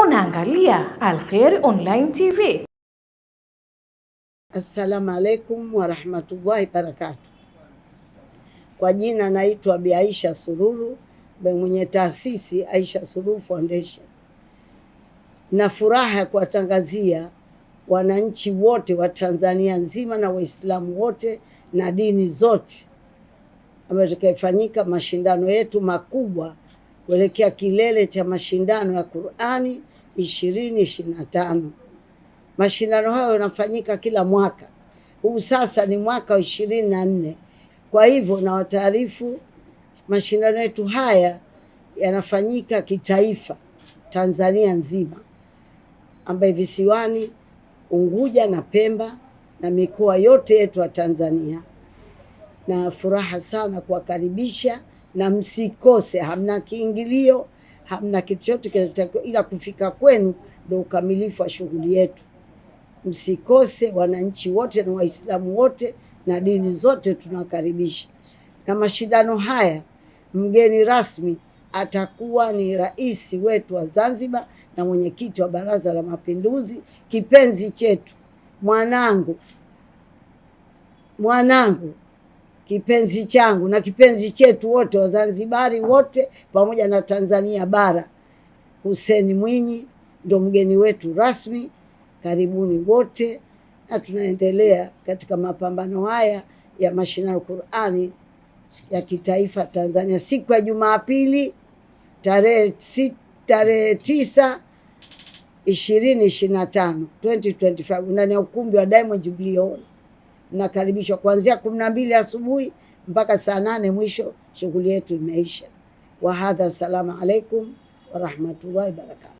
unaangalia Alkhair Online TV. Assalamu alaikum warahmatullahi barakatu. Kwa jina naitwa Bi Aisha Sururu, mwenye taasisi Aisha Sururu Foundation. Na furaha ya kuwatangazia wananchi wote wa Tanzania nzima na Waislamu wote na dini zote ambayo tukafanyika mashindano yetu makubwa kuelekea kilele cha mashindano ya Qur'ani 2025. Mashindano hayo yanafanyika kila mwaka, huu sasa ni mwaka wa ishirini na nne. Kwa hivyo na wataarifu, mashindano yetu haya yanafanyika kitaifa Tanzania nzima, ambaye visiwani Unguja na Pemba na mikoa yote yetu ya Tanzania, na furaha sana kuwakaribisha na msikose, hamna kiingilio, hamna kitu chote kinachotakiwa, ila kufika kwenu ndio ukamilifu wa shughuli yetu. Msikose, wananchi wote na Waislamu wote na dini zote tunawakaribisha. Na mashindano haya, mgeni rasmi atakuwa ni rais wetu wa Zanzibar na mwenyekiti wa Baraza la Mapinduzi, kipenzi chetu, mwanangu, mwanangu kipenzi changu na kipenzi chetu wote Wazanzibari wote pamoja na Tanzania bara, Hussein Mwinyi ndo mgeni wetu rasmi. Karibuni wote, na tunaendelea katika mapambano haya ya mashindano Qurani ya kitaifa Tanzania, siku ya Jumapili tarehe tarehe tisa ishirini ishirini na tano 2025 ndani ya ukumbi wa Diamond Jubilee Hall mnakaribishwa kuanzia kumi na mbili asubuhi mpaka saa nane mwisho, shughuli yetu imeisha. Wa hadha, assalamu alaikum warahmatullahi barakatu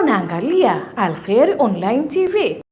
Unaangalia Alkheri Online TV.